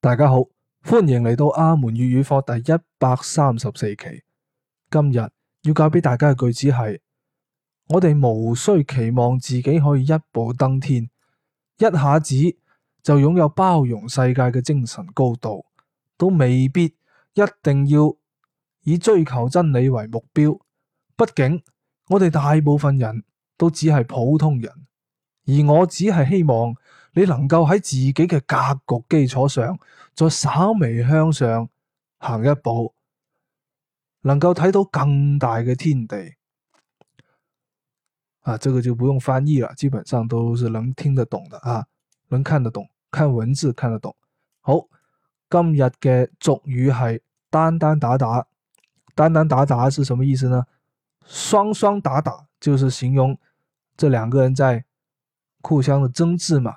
大家好，歡迎嚟到阿門粵語課第一百三十四期。今日要教俾大家嘅句子係：我哋無需期望自己可以一步登天，一下子就擁有包容世界嘅精神高度，都未必一定要以追求真理為目標。畢竟我哋大部分人都只係普通人，而我只係希望。你能夠喺自己嘅格局基礎上，再稍微向上行一步，能夠睇到更大嘅天地。啊，這個就不用翻譯啦，基本上都是能聽得懂的啊，能看得懂，看文字看得懂。好，今日嘅俗語係單單打打，單單打打是什麼意思呢？雙雙打打就是形容這兩個人在互相的爭執嘛。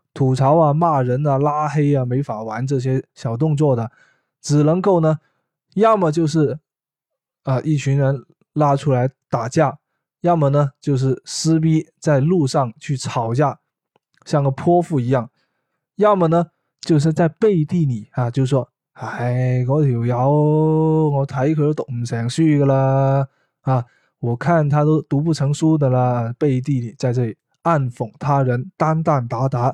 吐槽啊、罵人啊、拉黑啊，沒法玩這些小動作的，只能夠呢，要麼就是啊、呃、一群人拉出來打架，要麼呢就是撕逼在路上去吵架，像個潑婦一樣，要麼呢就是在背地裏啊就說：“哎，嗰條友我睇佢都讀唔成書噶啦啊，我看他都讀不成書的啦。”背地裏在這裏暗諷他人，單單打打。